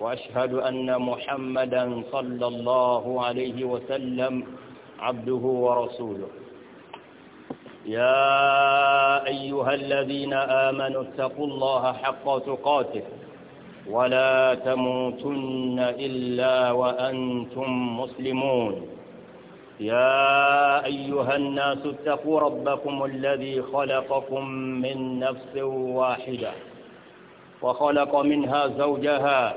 وأشهد أن محمدا صلى الله عليه وسلم عبده ورسوله يا أيها الذين آمنوا اتقوا الله حق تقاته ولا تموتن إلا وأنتم مسلمون يا أيها الناس اتقوا ربكم الذي خلقكم من نفس واحدة وخلق منها زوجها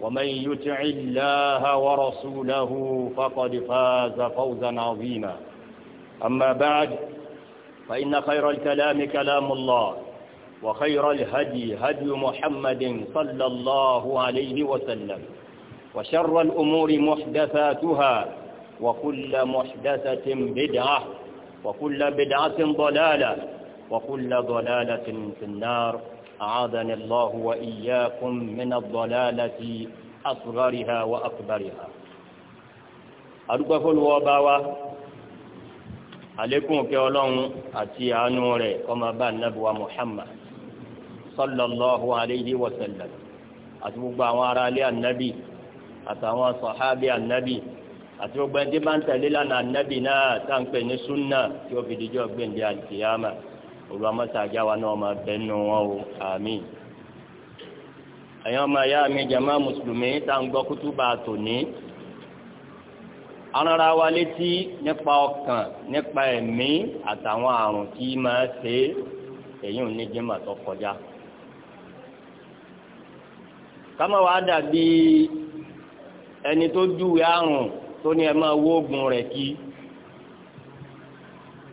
ومن يطع الله ورسوله فقد فاز فوزا عظيما أما بعد فإن خير الكلام كلام الله وخير الهدي هدي محمد صلى الله عليه وسلم وشر الأمور محدثاتها وكل محدثة بدعة وكل بدعة ضلالة وكل ضلالة في النار أعاذني الله وإياكم من الضلالة أصغرها وأكبرها adúgbàfọlù ọba wa alekun kẹ Ọlọ́run àti àánú rẹ̀ ọmọ bá nàbùwà Muhammad sallallahu alayhi wa sallam àti gbogbo àwọn ará ilé ànábì àtàwọn sọ̀hábì ànábì àti gbogbo ẹni tí bá ń tẹ̀lé lánàá ànábì náà tá à ń pè ní súnà tí ó fi dijọ́ gbèǹde àlùkìyàmà olùwàmọ́sá àjáwa náà máa bẹ́nu wọn o àmín. ẹ̀yin ọmọ ìyá mi jàmá mùsùlùmí tá à ń gbọ́ kútúbà tòní. arára wa létí nípa ọkàn nípa ẹ̀mí àtàwọn àrùn tí máa ṣe é èyí ò ní jẹ́mà tó kọjá. kámá wàá dàbí ẹni tó júwe àrùn tó ní ẹ máa wóògùn rẹ̀ kí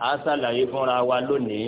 a ṣàlàyé fúnra wa lónìí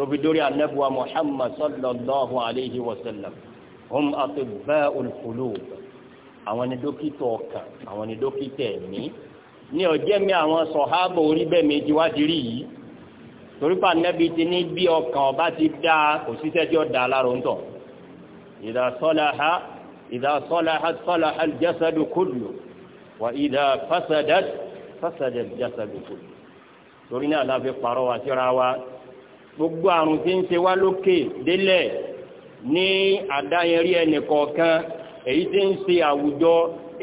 tóbi dórí anabuwa muhammad sallallahu alayhi wa sallam hum atibba'ul qulub àwọn ni dókítà ọkàn àwọn ni dókítà ẹ̀mí ní ọjẹ́ mi àwọn sọ̀hábà orí bẹ́ẹ̀ méjì wá ti rí yìí torí pa nẹ́bi ti ní bí ọkàn ọba ti dá kò síṣẹ́ tí ó dá alárò ń tọ̀ idha salaha idha salahat salaha al-jasadu kullu wa idha fasadat torí náà la fi pàrọ̀ wá síra wa gbogbo àrùn tí ń ṣe wá lókè délẹ̀ ní àdáyẹrí ẹnìkọ̀ọ̀kan èyí tí ń ṣe àwùjọ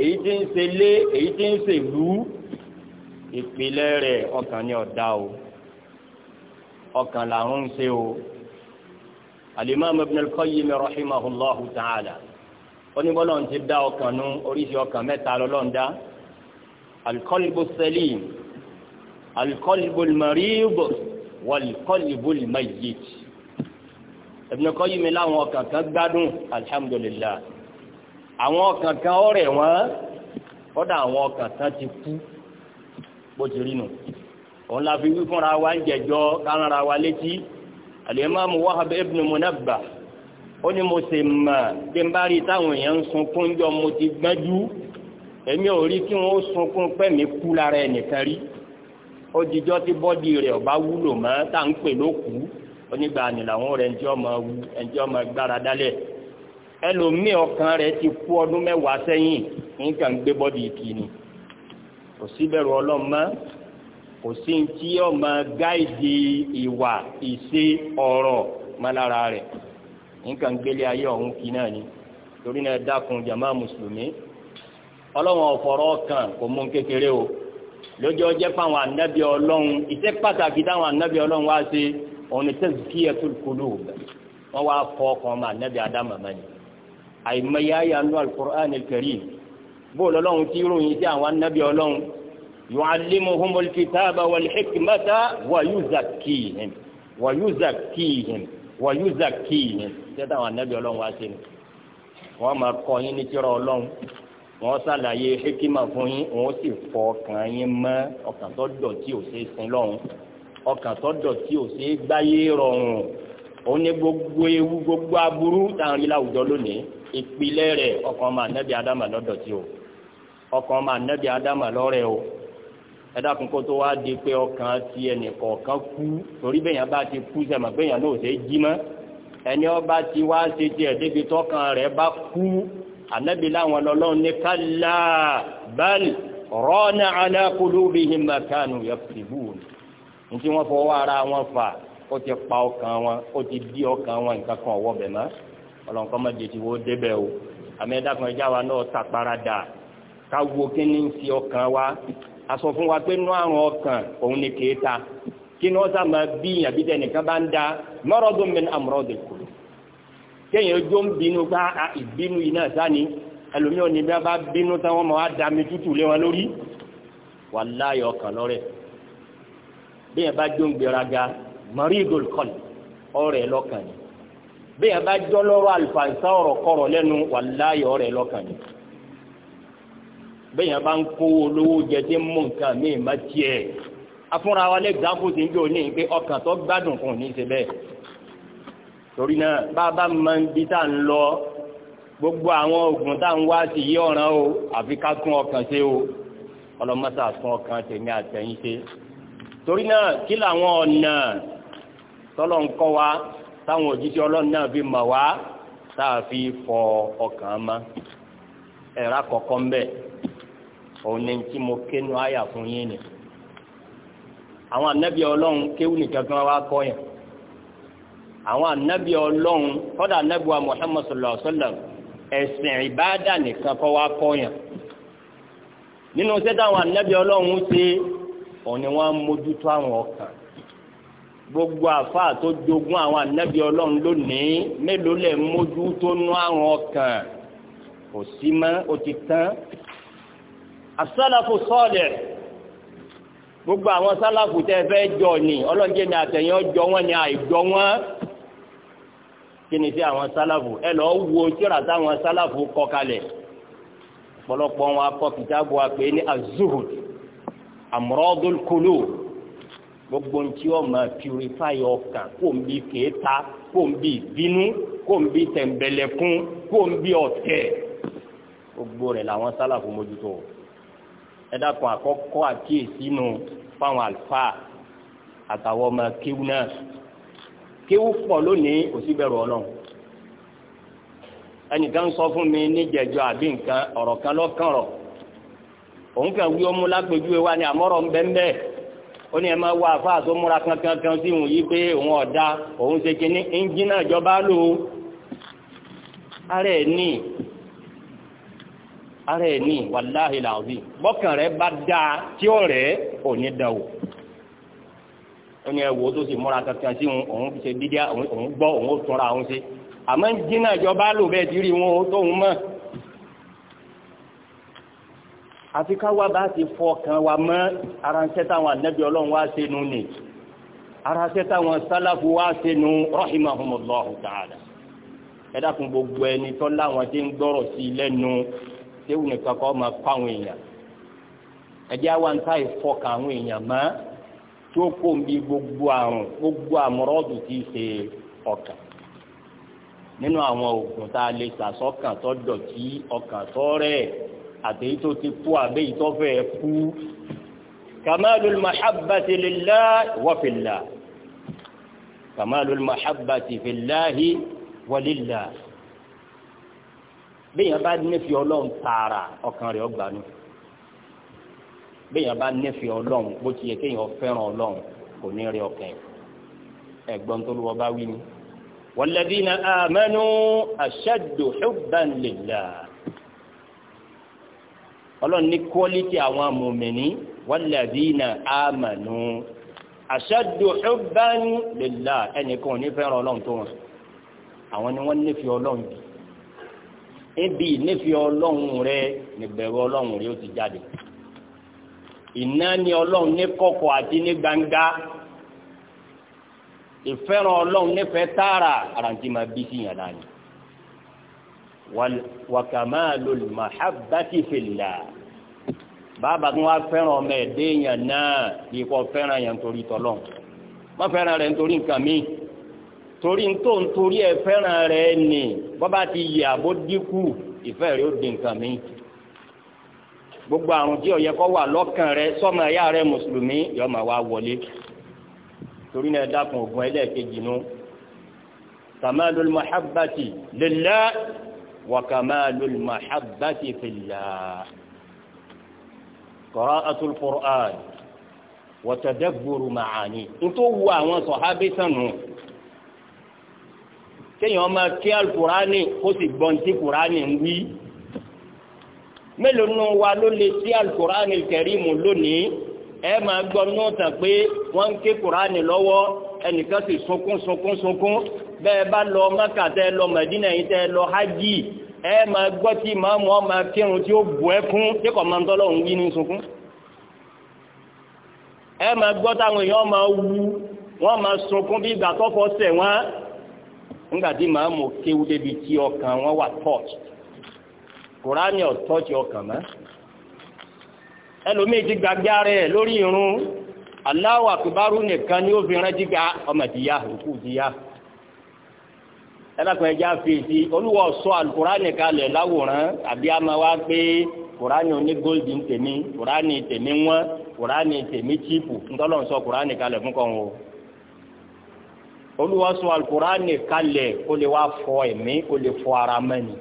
èyí tí ń ṣe lé èyí tí ń ṣe lú ìpìlẹ̀ rẹ̀ ọkàn ni ọ̀dá o ọkàn làrún ṣe o alimami ibn al-qayyim rahimahullahu ta'ala oníbọ́lọ̀ ti dá ọkàn nú oríṣi ọkàn mẹ́ta lọ́lọ́run dá al-qalbu salim wal-qalbul mayyit Ibn Qayyim mi láwọn ọkàn kan gbádùn alhamdulillah àwọn ọkàn kan ọ̀rẹ́ wọn kọ́dà àwọn ọkàn kan ti kú bó ti rí nù òun la fi wí fúnra wa ń jẹjọ kára wa létí al-Imam Wahab ibn ó ní mo sì mọ̀ bí n bá rí táwọn èèyàn ń sunkún jọ mo ti gbájú èmi ò rí kí wọ́n sunkún pẹ́ kú lára ẹnìkan rí ó ti tí bọ́dì ọba wulo ma ta n pe pè onígbà ni làwọn rẹ̀ ẹni ọmọ wú ẹni ti kú ọdún mẹ́wàá sẹ́yìn nǹkan gbé bọ́dì kì osi kò síbẹ̀rù osi kò sí ti ọmọ gáìdì ìwà ìṣe ọ̀rọ̀ mọ́lára rẹ̀ nǹkan gbélé ayé ọ̀hún kì náà ni torí náà dákun jama mùsùlùmí ọlọ́wọ́n ọ̀fọ̀rọ̀ kan kò mú kékeré lọ́jọ́ jẹ́ pé àwọn ànábì ọlọ́run iṣẹ́ pàtàkì táwọn ànábì ọlọ́run wá ṣe ọ̀nà tazkiyatul qulub wọ́n wá kọ́ ọkàn ọmọ ànábì ádámù mẹ́ni àìmọye àyà nù al-Qur'an al-Karim bóòlù ọlọ́run tí ròyìn sí àwọn ànábì ọlọ́run yu'allimuhumul kitaba wal hikmata wa yuzakkihim wa yuzakkihim wa yuzakkihim wọ́n ṣàlàyé hekima fún yín wọ́n sì fọ ọkàn yín mọ́ ọkàn tó dọ̀tí ò ṣe é sin lọ́run ọkàn tó dọ̀tí ò ṣe é gbáyé rọrùn òun ní gbogbo ewu gbogbo aburú táwọn ilé àwùjọ lónìí ìpìlẹ̀ rẹ̀ ọkàn máa nẹ́bí adama lọ́dọ̀tí o ọkàn máa nẹ́bí adama lọ́rẹ̀ o ẹ dákun kó tó wá di pé ọkàn ti ẹnìkọ̀ọ̀kan kú torí bẹ́ẹ̀ yẹn bá ti kú sẹ́mọ̀ bẹ́ẹ̀ yẹn náà ò ṣe é jí mọ́ ẹni ọba ti wá ṣe tiẹ̀ débi tọ́kàn rẹ̀ bá kú ànábì láwọn lọ́lọ́run ní kálá báàlì rọ́nà alákòló bí i mẹ́kánù yẹ pẹ̀lú ní tí wọ́n fọwọ́ ara wọn fà ó ti pa ọkàn wọn ó ti dí ọkàn wọn nǹkan kan ọwọ́ bẹ̀ mọ́ ọlọ́nkọ́ má jẹ́tì wo débẹ̀ o àmẹ́dàkùn ẹja wa náà tàparadà ká wo kí ni ń fi ọkàn wa a sọ fún wa pé nú àrùn ọkàn òun ni kèé ta kí ni wọ́n sá máa bí àbí tẹnìkan bá ń da mọ́rọ́dún mi ní àmúrọ́dún kùlù kéèyàn ojú ń bínú bá ah, ah, ìbínú iná sáni ẹlòmí ò ní bí a bá bínú tán wọn máa da mi tútù lé wọn lórí wàláyé ọkàn lọrẹ bẹ́ẹ̀ bá jó ń gbéraga marigold kọ́ni ọ̀rẹ́ lọ́kàn ni bẹ́ẹ̀ bá jọ́ lọ́rọ̀ àlùfàǹsá ọ̀rọ̀ kọ̀rọ̀ lẹ́nu wàláyé ọ̀rẹ́ lọ́kàn ni bẹ́ẹ̀ bá ń kówó olówó jẹ tí ń mú nǹkan míì má tiẹ̀ afúnra wa lẹ́gbàá kó ti ń gbé òní pé ọkàn tó gbádùn kò ní í ṣe bẹ́ẹ̀ torí náà bàbá máa ń bí tá à ń lọ gbogbo àwọn oògùn tá à ń wá sí yí ọ̀ràn o àfi ká tún ọkàn ṣe o ọlọ́mọ́sà tún ọkàn tèmi àtẹ̀yìn ṣe torí náà kí làwọn ọ̀nà tọ́lọ̀ ń kọ́ wa táwọn òjíṣẹ́ ọlọ́run náà fi mọ̀ wá tá a fi fọ ọkàn mọ́ ẹ̀rá kọ̀ọ̀kan bẹ́ẹ̀ òun ni tí mo kéwòn àyà fún yín ni àwọn ànábì ọlọ́run kéwòn nìkan kan wá kọ́ yẹn. àwọn anabi ọlọ́run kọ́dà anabi wa muhammad sallallahu alaihi ẹ̀sìn ìbáàdà nìkan kọ́ wa kọ́yàn anabi ọlọ́run ṣe ọ ni mójútó àwọn ọkàn gbogbo àfa tó jogún àwọn anabi ọlọ́run lónìí mélòó lẹ̀ mójútó nú àwọn ọkàn kò sí mọ́ ó gbogbo àwọn tẹ́ fẹ́ jọ ni àtẹ̀yìn ọjọ́ wọn kí ni tí àwọn sálàfù ẹ lọ wo tíra táwọn sálàfù kọ kalẹ̀ ọ̀pọ̀lọpọ̀ wọn akọ kìtàbù àpè ní azuhud amradul qulub gbogbo ntí wọn máa purify ọkàn kó n bí kéétà kó n bí bínú kó n bí tẹ̀m̀bẹ̀lẹ̀kún kó n bí ọ̀tẹ̀ gbogbo rẹ̀ làwọn sálàfù mójútó ẹ dákun àkọ́kọ́ àkíyèsí nu fáwọn àlùfáà àtàwọn ọmọ kéwù náà. kéwù pọ̀ lónìí kò sí bẹ̀rù ẹnìkan sọ fún mi níjẹ̀jọ́ àbí nǹkan ọ̀rọ̀ kan lọ́kàn rọ̀ òun kàn wí ọmú lágbèjúwe wa ni àmọ́rọ̀ ń bẹ́ ń bẹ́ ó ẹ kankan kan sí òun pé òun ọ̀dà òun ṣe ara ẹ̀ ní ara ẹ̀ ní bọ́kàn bá dáa tí ó ní ẹwọ tó sì múra kankan sí òun òun ṣe dídíà òun gbọ́ òun ó túnra òun ṣe àmọ́ jìnnà ìjọba lò bẹ́ẹ̀ ti rí wọn ó tóun mọ̀ àfi ká wá bá ti fọkàn wa mọ́ ara ń sẹ́ta àwọn ànábì ọlọ́run wá ṣe nù ní ara sẹ́ta àwọn sálàfù wá ṣe nù rahimahumullahu ta'ala ẹ dákun gbogbo ẹni tó láwọn tí ń gbọ́rọ̀ sí i lẹ́nu tí ó máa pa àwọn èèyàn ẹjẹ́ tó kó ń bi gbogbo àrùn gbogbo àmúrọ́dù tí í ṣe ọkàn nínú àwọn oògùn tá a lè sà sọ́kàn tó dọ̀tí ọkàn tó rẹ̀ àtẹ̀yí tó ti kú àbẹ́yí tó fẹ́ kú kamalul mahabbati lillahi wa fillah kamalul mahabbati fillahi wa yẹn bá nífi ọlọ́run tààrà ọkàn rẹ̀ ọgbà nù bẹ́ẹ̀yàn bá nífẹ̀ẹ́ ọlọ́run bó ti yẹ kéèyàn fẹ́ràn ọlọ́run kò ní rí ọkàn ẹ̀gbọ́n tó lọ́wọ́ bá wí ni. walladhina amanu ashaddu hubban lillah ọlọ́run ní kọ́lítì àwọn mùmìnì walladhina amanu ashaddu hubban lillah ẹnìkan ò ní fẹ́ràn ọlọ́run tó wọn àwọn ni wọ́n nífẹ̀ẹ́ ọlọ́run bí ebi nífẹ̀ẹ́ ọlọ́run rẹ níbẹ̀rù ọlọ́run rẹ ó ti jáde iná ni ọlọ́run ní kọ̀kọ̀ àti ní gbangba ìfẹ́ràn ọlọ́run nífẹ̀ẹ́ tààrà àràǹtí máa bí sí yàrá ni wakamalul mahabbati fillah bàbá tí wọ́n fẹ́ràn ọmọ ẹ̀dẹ́ èèyàn náà bí kò fẹ́ràn yẹn torí tọ́lọ́n má fẹ́ràn rẹ̀ nítorí nǹkan mi torí tó ń torí ẹ̀ fẹ́ràn rẹ̀ ni bọ́bá ti yẹ àbó dínkù ìfẹ́ rẹ̀ ó di nǹkan mi gbogbo àrùn tí ó yẹ kó wà lọ́kàn rẹ sọ́mọ ẹ̀yà rẹ mùsùlùmí yóò máa wá wọlé torí náà dákun ògùn ẹlẹ́ẹ̀kejì nù kamalul mahabbati lillah wa kamalul mahabbati fillah qira'atul qur'an wa tadabburu ma'ani nítorí wo àwọn sọ̀hábí sànù kéèyàn máa kí alukurani kó sì gbọ́n tí kurani ń wí mélòó nù wa ló lè sí alukur'an kẹrìmù lónìí ẹ máa gbọ́ nù tàn pé wọ́n ń ké kur'an lọ́wọ́ ẹnìkan sì sunkún sunkún sunkún bẹ́ẹ̀ bá lọ mẹ́kà tẹ lọ mẹ́dínà yìí tẹ lọ hajj ẹ máa gbọ́ tí màmú ọ máa kírun tí ó bù ẹ kún tí kò máa ń tọ́lọ̀ ń wí ní sunkún ẹ máa gbọ́ táwọn èèyàn máa wú wọ́n máa sunkún bí ìgbà tọ́fọ́ sẹ̀ wọ́n nígbà tí màmú kéwú débi tí ọkàn wọn wà tọ́ọ̀tù kùránì ọ̀tọ́ ti ọkàn mọ́ ẹlòmíì ti lórí irun aláwọ̀ akbaru nìkan ni ó fi rán jíga ọmọ ìdíyà òkú ìdíyà ẹlẹ́kùn fi fèsì olúwa sọ kalẹ̀ láwòrán àbí ama wa pé kùránì oní ń tèmi kùránì tèmi kùránì tèmi ńtọ́lọ́ sọ kùránì kalẹ̀ fún kàn sọ kalẹ̀ kó lè wá fọ ẹ̀mí kó lè fọ ara mẹ́ni.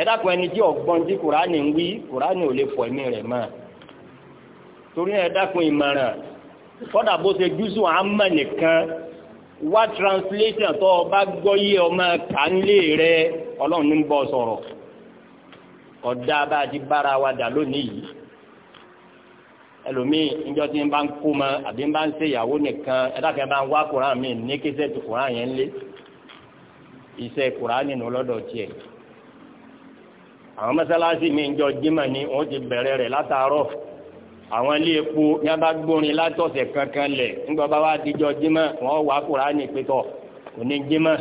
ẹ̀dàkùn ẹni tí ọ̀gbọ́n tí kùránì ń wí kùránì ò lè fọ ẹ̀mí rẹ̀ torí ẹ̀dàkùn ìmọ̀ràn kọ́dà bó ṣe júṣù nìkan wá translation tó bá gbọ́ ọmọ kánlé rẹ ọlọ́run ní bọ́ sọ̀rọ̀ bá ti bára wa dà lónìí yìí ẹlòmíì níjọ́ tí bá ń kó mọ àbí bá ń ṣe ìyàwó nìkan ẹ̀dàkùn àwọn mọ́sálásí mi ń jọ jímọ̀ ni wọ́n ti bẹ̀rẹ̀ rẹ̀ látàárọ̀ àwọn ilé epo ní abá gbórin látọ̀sẹ̀ kankan lẹ̀ nígbà bá wá díjọ jímọ̀ wọ́n wà kúránì pétọ̀ òní jímọ̀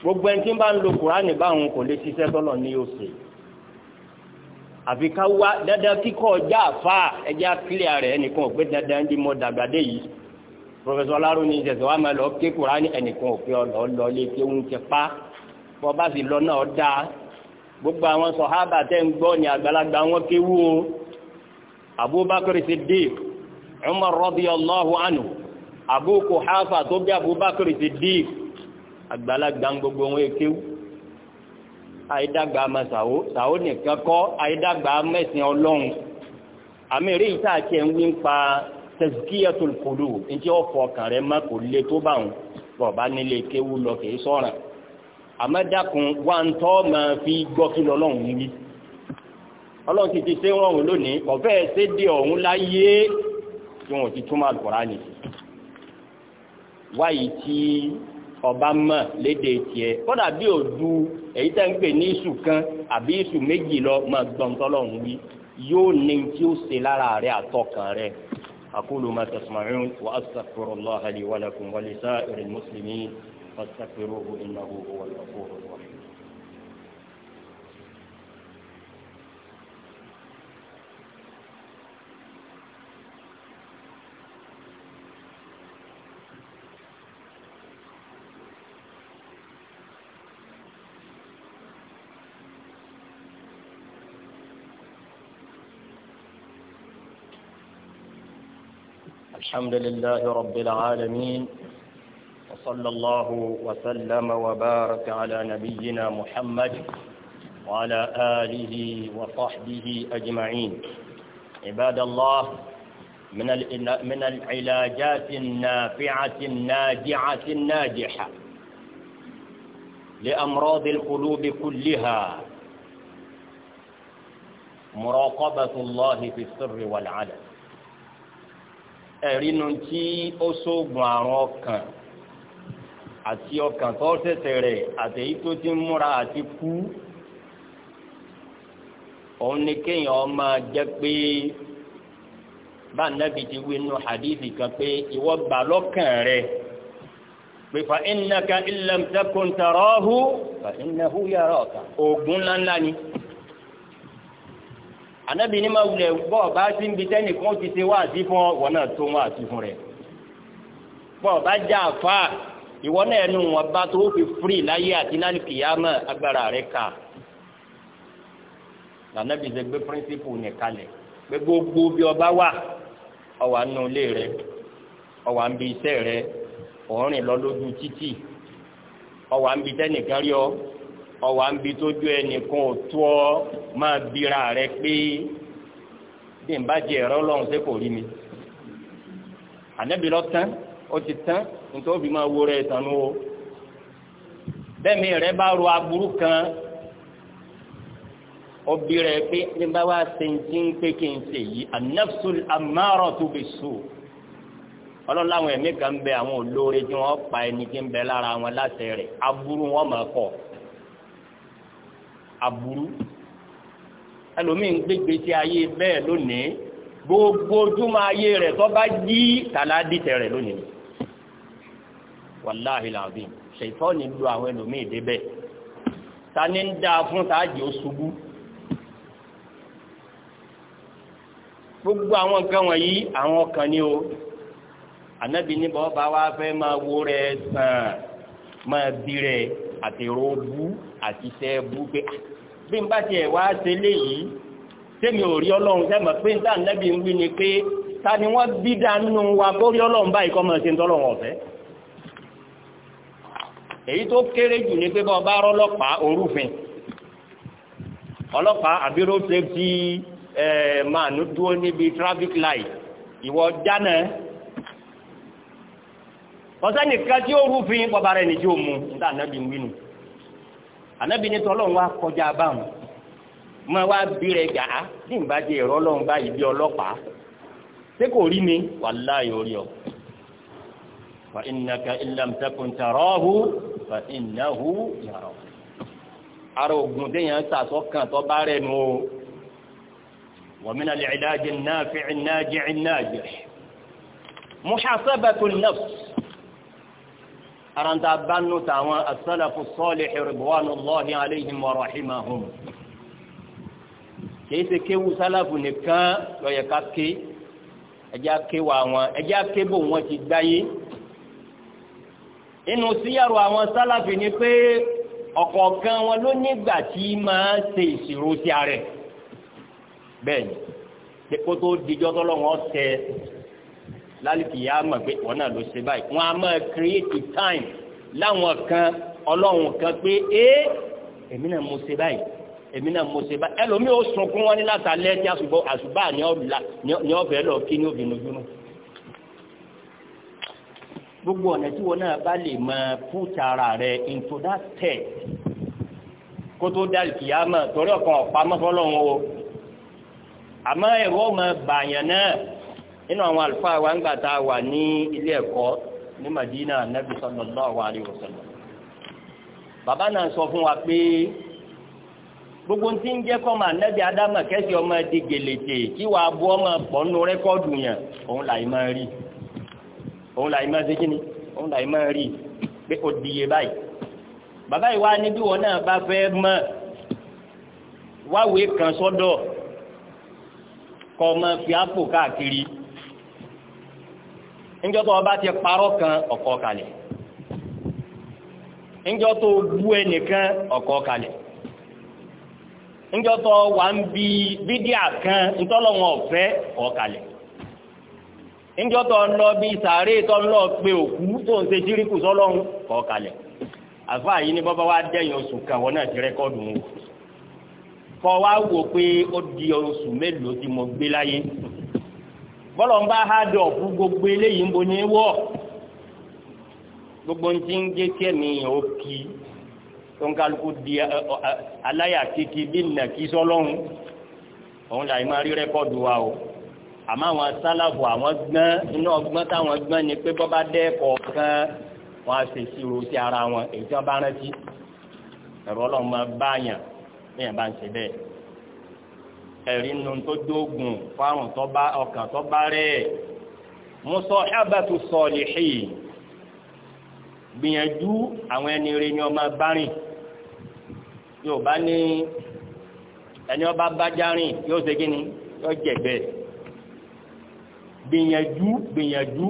gbogbo ẹni tí ń bá ń lo kúránì báwọn kò lè ṣiṣẹ́ tọ́lọ̀ ní oṣù àfi ká wá dandan kíkọ́ ọjà àfa ẹja kílíà rẹ̀ ẹnìkan ò pé dandan di mọ́ dàgbàdé yìí pọfẹsọ ọlárò ní ìṣẹ̀ṣẹ̀ wa máa lọ ké kúránì ẹnìkan ò pé ọ lọ lọ lé kéwù ń ti pa bọ́ bá sì lọ náà dáa gbogbo àwọn sọ̀hábà tẹ́ ń gbọ́ ní àgbàlagbà wọn kéwú o abubakar siddiq umar radiyallahu anhu abu kuhafa tó bí abubakar siddiq àgbàlagbà gbogbo wọn kéwú àìdàgbà ama sàwó sàwó nìkan kọ́ àìdàgbà mẹ́sìn ọlọ́run àmì rí ìta àti ẹ̀wí ń pa tazkiyatul qulub ntí ọ̀fọ̀ ọkàn rẹ̀ má kò le tó bá wọn bọ̀ bá nílé kéwú lọ kìí sọ̀ràn àmọ́dàkùn wà ń tọ́ máa fi gbọ́ kí lọ́lọ́run wí ọlọ́run ti ti ṣe rọrùn lónìí ọ̀fẹ́ ṣe dé ọ̀hún láyé tí wọ́n ti túmọ̀ Al-Kùránì wáyìí tí ọba mọ̀ léde tiẹ̀ kọ́dà bí ò du èyí tẹ́ ń pè ní iṣu kan àbí iṣu méjì lọ máa gbọ́ntọ́lọ́run wí yóò ní tí ó ṣe lára rẹ̀ àtọkàn rẹ̀ aqulu ma tasma'un wa astaghfirullaha li wa lakum wa lisa'iril muslimin. فاستغفروه إنه هو الغفور الرحيم الحمد لله رب العالمين صلى الله وسلم وبارك على نبينا محمد وعلى آله وصحبه أجمعين عباد الله من من العلاجات النافعة الناجعة الناجحة لأمراض القلوب كلها مراقبة الله في السر والعلن ẹ̀rínú tí ó sógun ọkàn àti ọkàn tó ṣẹ̀ṣẹ̀ rẹ̀ àtẹ̀yí tó ti ń múra àti kú òun ni kéèyàn ọmọ jẹ́ pé bá nàbì ti wí nù hadithi kan pé ìwọ gbà lọ́kàn rẹ̀ pé fa innaka illam takun tarahu fa innahu yaraka ńláńlá ni ànábì ní máa wulẹ̀ bọ́ ọba sí ń bi tẹ́nìkan ti ṣe wáàsí fún ọ wọn náà tó wáàsí fún rẹ̀ bọ́ ọba já àfáà ìwọ náà ẹnu wọn bá tó fi firi láyé àti lálùkìyàmọ agbára rẹ kà lànàbí ṣe gbé píríncípù nìkalẹ̀ pé gbogbo bí ọba wà ọwà nù ilé rẹ ọwà ń bi iṣẹ́ rẹ ọ̀rìn lọ lójú títì ọwà ń bi tẹ́nìkan rí ọ ọwà ń bi tójú ẹnìkan ò ọ máa bira rẹ pé bí n bá jẹ ẹ̀rọ ọlọ́run ṣé kò rí mi ànàbí lọ tán ó ti tán nítorí òbí máa wo rẹ̀ ìtànú o bẹ́ẹ̀ni rẹ̀ bá ro aburú kan òbí rẹ̀ pé ní bá wá ṣe ń tí ń pé kí n ṣe yìí an-nafsul ammaratu bis-su ọlọ́run láwọn ẹ̀mí kan ń bẹ àwọn olóore tí wọ́n pa ẹni tí ń bẹ lára wọn láti rẹ̀ aburú wọn máa kọ̀ aburú ẹlòmíín gbégbé sí ayé bẹ́ẹ̀ lónìí gbogbo ojúmọ́ ayé rẹ̀ tó bá jí tàlá dìtẹ̀ rẹ̀ lónìí wàláhì làbí ṣètọ́ni lu àwọn ẹlòmíì débẹ̀ ta ni ń dáa fún tàájì ó ṣubú gbogbo àwọn nǹkan wọ̀nyí àwọn ọkàn ni o ànábì ní bọ́ bá wá fẹ́ máa wo rẹ̀ sàn máa bí rẹ̀ àtẹ̀rọ bú àti iṣẹ́ bú pé ah, bí n bá tiẹ̀ wá ṣe léyìí tẹ́mi ò rí ọlọ́run sẹ́mọ̀ pé níta ànábì ń wí ni pé ta ni wọ́n bí dánú wa bórí ọlọ́run báyìí kọ́ máa ṣe ń tọ́lọ́run ọ̀fẹ́ èyí tó kéré jù ní pé bá ọba ọlọ́pàá orúfin ọlọ́pàá àbí road safety man dúró níbi traffic light ìwọ jáná ọ̀sẹ́nìkan tí ó rúfin bọ́ba rẹ̀ ní tí ó mu níta ànábì ń wínú ànábì ní tọ́lọ́run wá kọjá báwọn mọ wá bí rẹ̀ gà á tí ń bá jẹ ìrọ́lọ́run báyìí bí ọlọ́pàá ṣé kò rí mi wàláyò rí ọ. فإنك إن لم تكن تراه فإنه يراك ara ogun déyàn sàtọ́kàn tó bá rẹ̀ nù ó ومن العلاج النافع الناجع الناجح محاسبة النفس aranta banu tàwọn asalafu sọ́ọ̀lì ridwanullahi alayhim wa rahimahum kìí ṣe kéwu sálàfù nìkan lọ́yẹ̀ká ké ẹjá ké wà wọn ẹjá ké bò wọn ti gbáyé inú síyàrá àwọn sálàfì ni pé ọ̀kọ̀ọ̀kan wọn ló nígbà tí máa ṣe ìṣirò sí ààrẹ bẹ́ẹ̀ ni kó tó dijọ́ tọ́lọ́wọ́n tẹ lálùkì yá mọ̀ pé wọn náà ló ṣe báyìí wọn a máa create time láwọn kan ọlọ́run kan pé ee èmi náà mo ṣe báyìí èmi náà mo ṣe báyìí ẹlòmíì ó sunkún wọn ní látàlẹ́ tí àṣùbà ni ọ̀fẹ́ lọ kí ní òbí nojúmọ́ gbogbo ọ̀nà tí wọn náà bá lè máa put ara rẹ into that step kó tó dá ìkìyàmọ̀ torí ọ̀kan ọ̀pamọ́ fọlọ́run o àmọ́ ẹ̀rọ ọmọ bàyàn náà nínú àwọn àlùfáà wa ń gbà tá a wà ní ilé ẹ̀kọ́ ní Madina Nabi sallallahu alaihi wasallam bàbá náà sọ fún wa pé gbogbo ti ń jẹ́ kọ́ máa nẹ́bí adámọ̀ kẹ́sì ọmọ di gèlètè kí wàá bu ọmọ pọ̀ nù rẹ́kọ́ọ̀dù òun làyè máa ṣe kíni òun làyè máa rí pé ó di iye báyìí bàbá ìwà ni wọn náà bá fẹ́ kan sọ́dọ̀ kọ́ ọ fi ápò káàkiri tó ọba ti parọ́ kan ọ̀kọ́ kalẹ̀ ńjọ́ tó bú ẹnìkan ọ̀kọ́ kalẹ̀ bi bídíà kan ńtọ́lọ́wọ́n ọ̀fẹ́ ọ̀kalẹ̀ níjọ́ tó ń lọ bí sàárè tó ń lọ pé òkú tó ń ṣe kalẹ̀ àfáà ni bọ́bá wa dẹ́yìn oṣù kan wọn náà ti rẹ́kọ́ọ̀dù wọn kọ́ wa wò pé ó di oṣù mélòó tí mọ gbé láyé bọ́lọ̀ ń bá gbogbo gbogbo ń ti ń gé ẹ̀mí ò kí tó ń kálukú di aláyà kékeré bí òun wa o. àmọ́ àwọn sálàbù àwọn gbọ́n inú ọgbọ́n táwọn gbọ́n ni pé bọ́ bá dẹ́kọ̀ kan wọ́n á ṣèṣì ro sí ara wọn èyí tí wọ́n bá rántí ẹ̀rọ ọlọ́run máa bá yàn léèyàn bá ń ṣe bẹ́ẹ̀ ẹ̀rí nu tó dógùn fárùn ọkàn tó bá rẹ̀ musahabatu salihin gbìyànjú àwọn ẹni rẹ̀ ni ọmọ bá rìn yóò bá ní ẹni ọba bá já rìn yóò ṣe kí ni yóò jẹ bẹ́ẹ̀ gbìyànjú gbìyànjú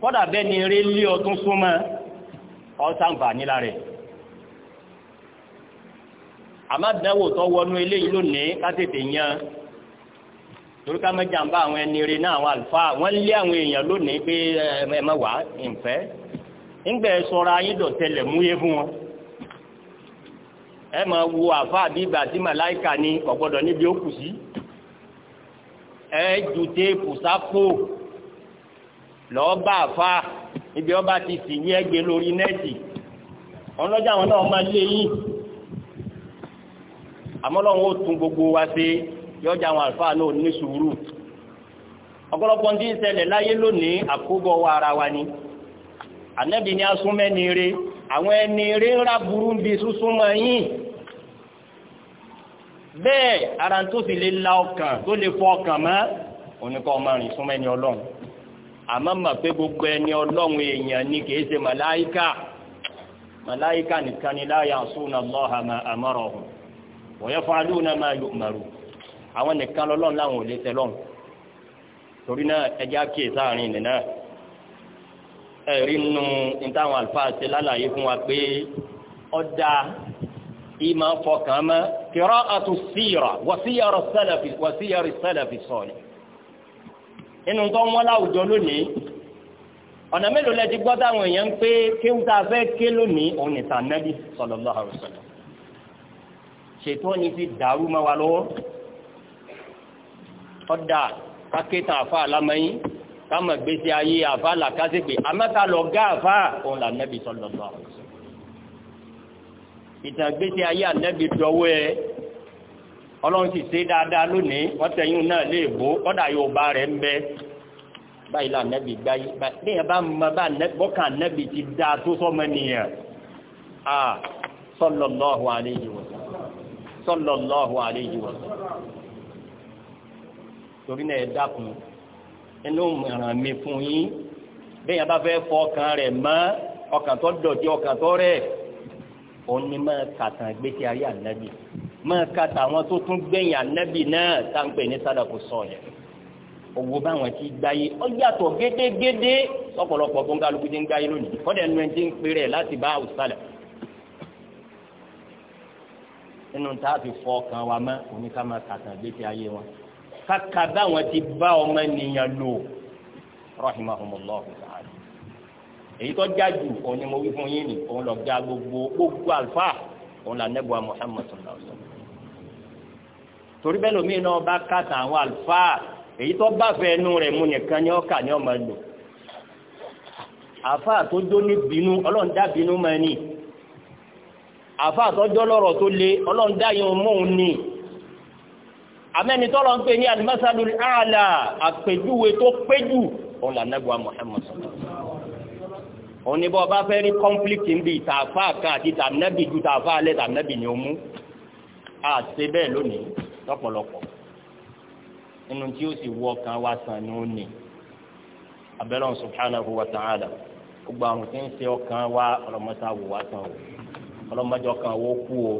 kọ́dà bẹ́ẹ̀ ni eré lé ọtún súnmọ́ ọ̀sánfà nílá rẹ̀ àmàdánwò tó wọnú eléyìí lónìí ká tètè yan torí ká mẹ́jà ń bá àwọn ẹni rẹ̀ náà àwọn àlùfáà wọ́n lé àwọn èèyàn lónìí pé ẹ má wà ìfẹ́ ńgbẹ sọra yín dọ̀tẹlẹ̀ múyé fún wọn ẹ máa wo àfáà bí ìgbà tí màláìka ni kò níbi ó kù sí. ẹ̀ẹ́dù téèpù sápò lọ́ọ́bà fa ibi ọba ti sì yí ẹgbẹ́ lórí nẹ́ẹ̀tì ọlọ́jà àwọn náà máa lé yín àmọ́ ó tún gbogbo wa ṣe yọjà wọn àlùfáà náà ní sùúrù ọ̀pọ̀lọpọ̀ ń dín láyé lónìí àkóbọ̀ wa ara wa ni ànẹ́bí ni a bẹ́ẹ̀ ara tó sì lè la ọkàn tó lè fọ ọkàn mọ́ oníkọ́ ọmọ rìn ẹni ọlọ́run àmọ́ pé gbogbo ẹni ọlọ́run èèyàn ni kì í ṣe màláíkà màláíkà nìkan ni la ya'suna ma amarahum wa yaf'aluna ma yu'maru àwọn nìkan lọ́lọ́run láwọn ò lè tẹ lọ́run torí náà ẹjẹ́ àkíyè sáàrin ìlẹ̀ náà ìmọ̀ fọkàn mọ́ qira'atu síra wàsíyàrá sálàfì wàsíyàrá sálàfì sọ̀lẹ̀. inú tó ń wọ́n láwùjọ lónìí ọ̀nà mélòó lẹ ti gbọ́ táwọn èèyàn ń pé kéwù tá a fẹ́ ké lónìí òun ìta nẹ́bí sallallahu alaihi wasallam ṣètò ni fi dàrú mọ́ wa lọ́wọ́ ọ̀dà kákétà àfa àlámẹ́yìn kámọ̀ gbèsè ayé àfa làkásẹ̀gbè àmẹ́ta lọ gá àfa òun là nẹ́bí sallallahu alaihi wasallam ìtàgbésí ayé ànẹ́bí dọwọ́ ẹ ọlọ́run sì ṣe dáadáa lónìí wọ́n tẹ̀yìn náà lè bó kọ́dà yorùbá rẹ̀ ń bẹ báyìí la ànẹ́bí gbáyé báyìí bá mọ bá bọ́kà ànẹ́bí ti dá tó sọ́mọ nìyẹn a sallallahu alayhi wa sallam sallallahu alayhi wa torí náà ẹ dákun inú mọ̀ràn mi fún yín bẹ́ẹ̀ yẹn bá fẹ́ fọ ọkàn rẹ̀ mọ́ ọkàn tó dọ̀tí ọkàn tó rẹ̀ òun ni máa kàtàn gbèsè ayé ànábì máa kàtà àwọn tó tún gbẹ̀yìn ànábì náà táǹpẹ̀ ní sádàkù sọ̀yẹ̀ owó báwọn ti gbáyé ó yàtọ̀ gédégédé ọ̀pọ̀lọpọ̀ tó ń kálukú ti ń gbáyé lónìí kọ́dẹ̀ nu ẹni tí ń pèrè láti bá àwùsálà nínú tá a fi fọ ọkàn wa mọ́ òní ká máa kàtàn gbèsè ayé wọn kàkà báwọn ti bá ọmọ nìyẹn lò rahimahumullah ta'ala èyí tó jájú òun ni mo wí fún yín ni òun lọ já gbogbo gbogbo àlùfà òun là nẹ́bùa Muhammad sallallahu alaihi wasallam torí bẹ́ẹ̀ lómi náà bá kàtà àwọn àlùfà èyí tó bá ẹnu rẹ̀ mu nìkan ni ọkà ni ọmọ lò àfà tó dó ní bínú ọlọ́run dá bínú mọ́ ẹni àfà tó dó lọ́rọ̀ tó le ọlọ́run dá yẹn mọ́ òun ni amẹ́ni tọ́lọ́ ń pè ní alimasalul ala àpèjúwe tó péjú òun là nẹ́bùa Muhammad sallallahu òní bọ́ bá fẹ́ rí conflict ń bi ìtàfà kan àti tàmínẹ́bì ju tàfà alẹ́ tàmínẹ́bì ni ó mú àti bẹ́ẹ̀ lónìí lọ́pọ̀lọpọ̀ nínú tí ó sì wọ ọkàn wa sàn ni ó nì abẹ́rẹ́ subhanahu wa ta'ala gbogbo àrùn tí ń ṣe ọkàn wa ọlọ́mọta wò wá sàn o ọlọ́mọdé ọkàn wo kú o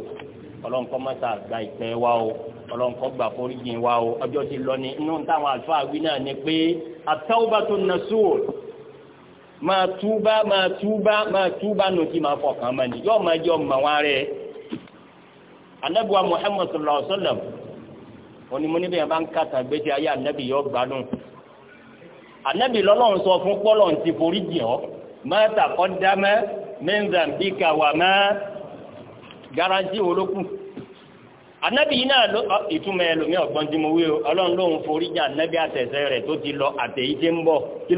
ọlọ́nkọ́mọta gba ìpẹ́ wa o ọlọ́nkọ́ gba foríjìn wa o ọjọ́ ti lọ ní inú táwọn àlùfáà wí náà ni pé at-tawbatun nasuh máa túbá máa túbá máa túbá nù kí máa fọkàn mọ́ ni yóò máa jẹ́ ọmọ wa rẹ̀ anabiwa muhammad sallallahu alaihi wa sallam onimuni bẹ́ẹ̀ bá ń kàtà gbèsè ayé anabi yóò gbádùn anabi lọ́lọ́run sọ fún pọ́lọ̀ ti forí jìn ọ́ mẹ́ta kọ́ dámẹ́ mẹ́nzàn bí kàwá mẹ́ garanti olókùn anabi yìí náà ìtumọ̀ ẹlòmí ọ̀gbọ́n tí mo wí o ọlọ́run lòun forí jìn anabi àtẹ̀sẹ̀ rẹ̀ tó ti lọ àtẹ̀yí tí ń bọ̀ kí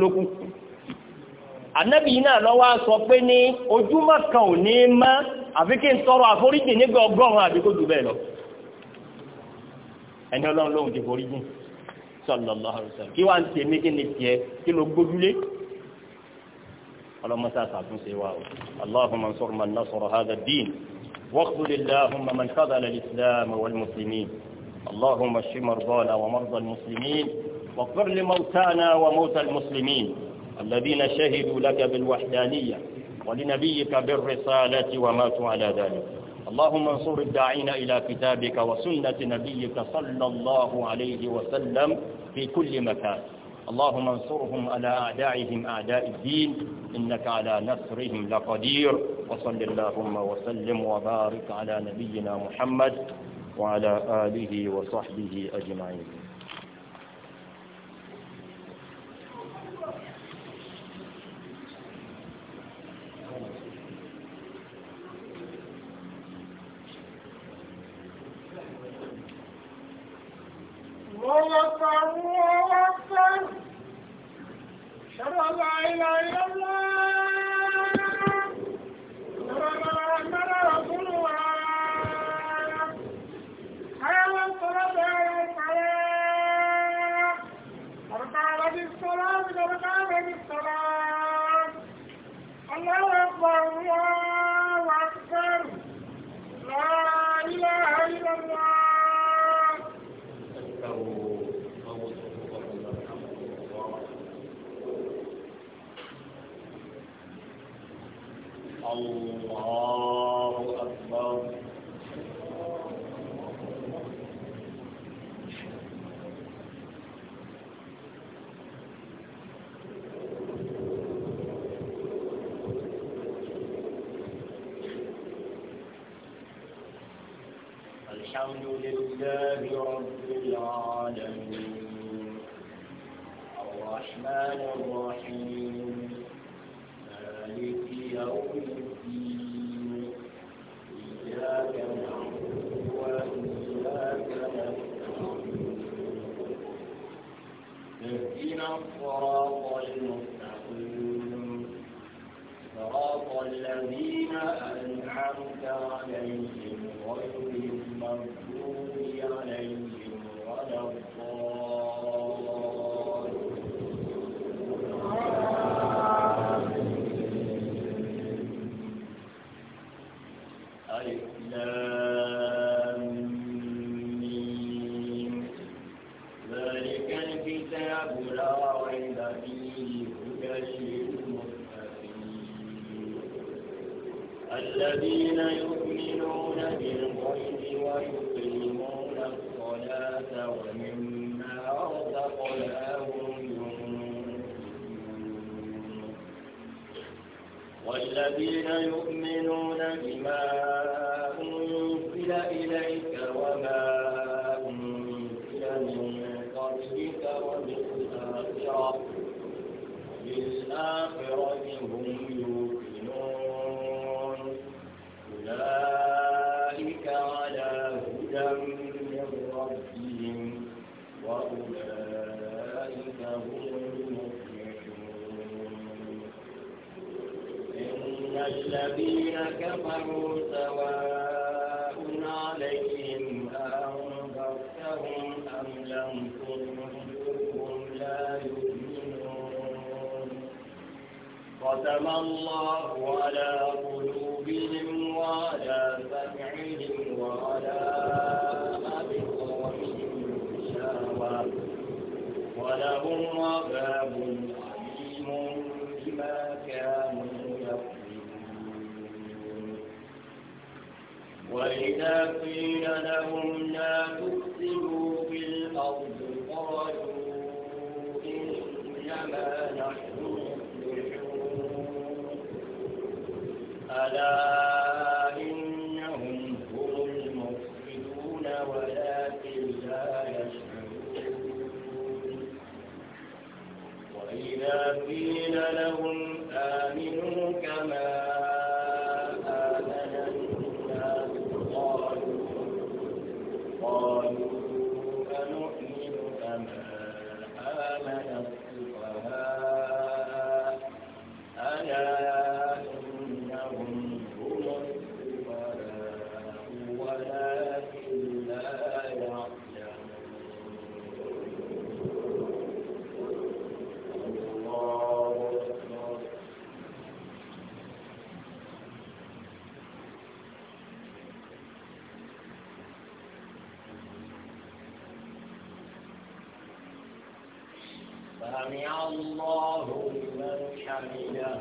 ànábì yìí náà lọ́wọ́ sọ pé ní ojúmọ́ kan ò ní mọ́ àfi kí n tọrọ àforíjì nígbà ọgọ́rùn-ún àbí kó jù bẹ́ẹ̀ lọ ẹni ọlọ́run lóhun ti foríjì sallallahu alaihi wasallam kí wàá ń tèmi kí ni tiẹ̀ kí ló gbójúlé ọlọ́mọsá àtúnṣe wa o allahumma ansur man nasara hadha ad-din واخذل اللهم من خذل الإسلام والمسلمين اللهم اشف مرضانا ومرضى المسلمين واغفر لموتانا وموتى المسلمين الذين شهدوا لك بالوحدانية ولنبيك بالرسالة وماتوا على ذلك اللهم انصر الداعين إلى كتابك وسنة نبيك صلى الله عليه وسلم في كل مكان اللهم انصرهم على أعدائهم أعداء الدين إنك على نصرهم لقدير وصل اللهم وسلم وبارك على نبينا محمد وعلى آله وصحبه أجمعين الحمد لله رب العالمين الرحمن الرحيم الذين يؤمنون عذاب عظيم بما كانوا يقولون وإذا قيل لهم لا تفسدوا في الأرض قالوا إنما نحن مصلحون ألا سمع الله لمن حمده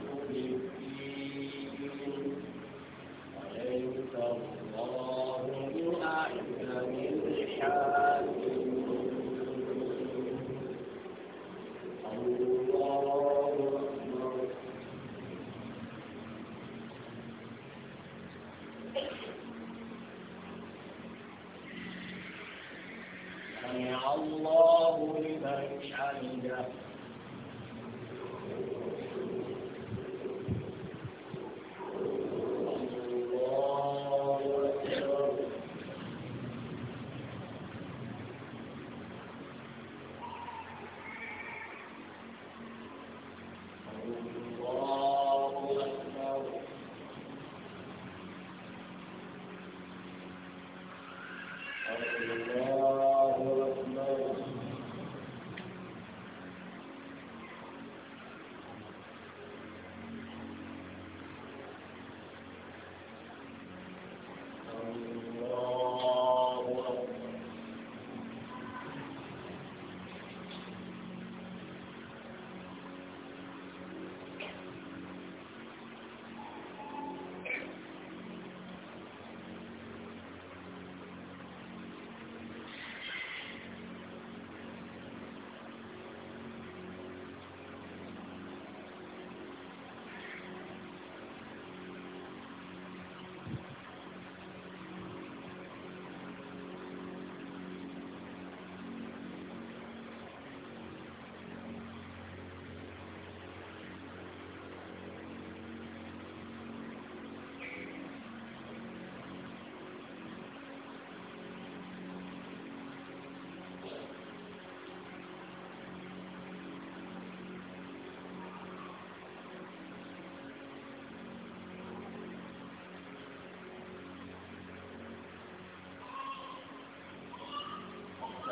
الله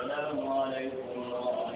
والسلام عليكم ورحمة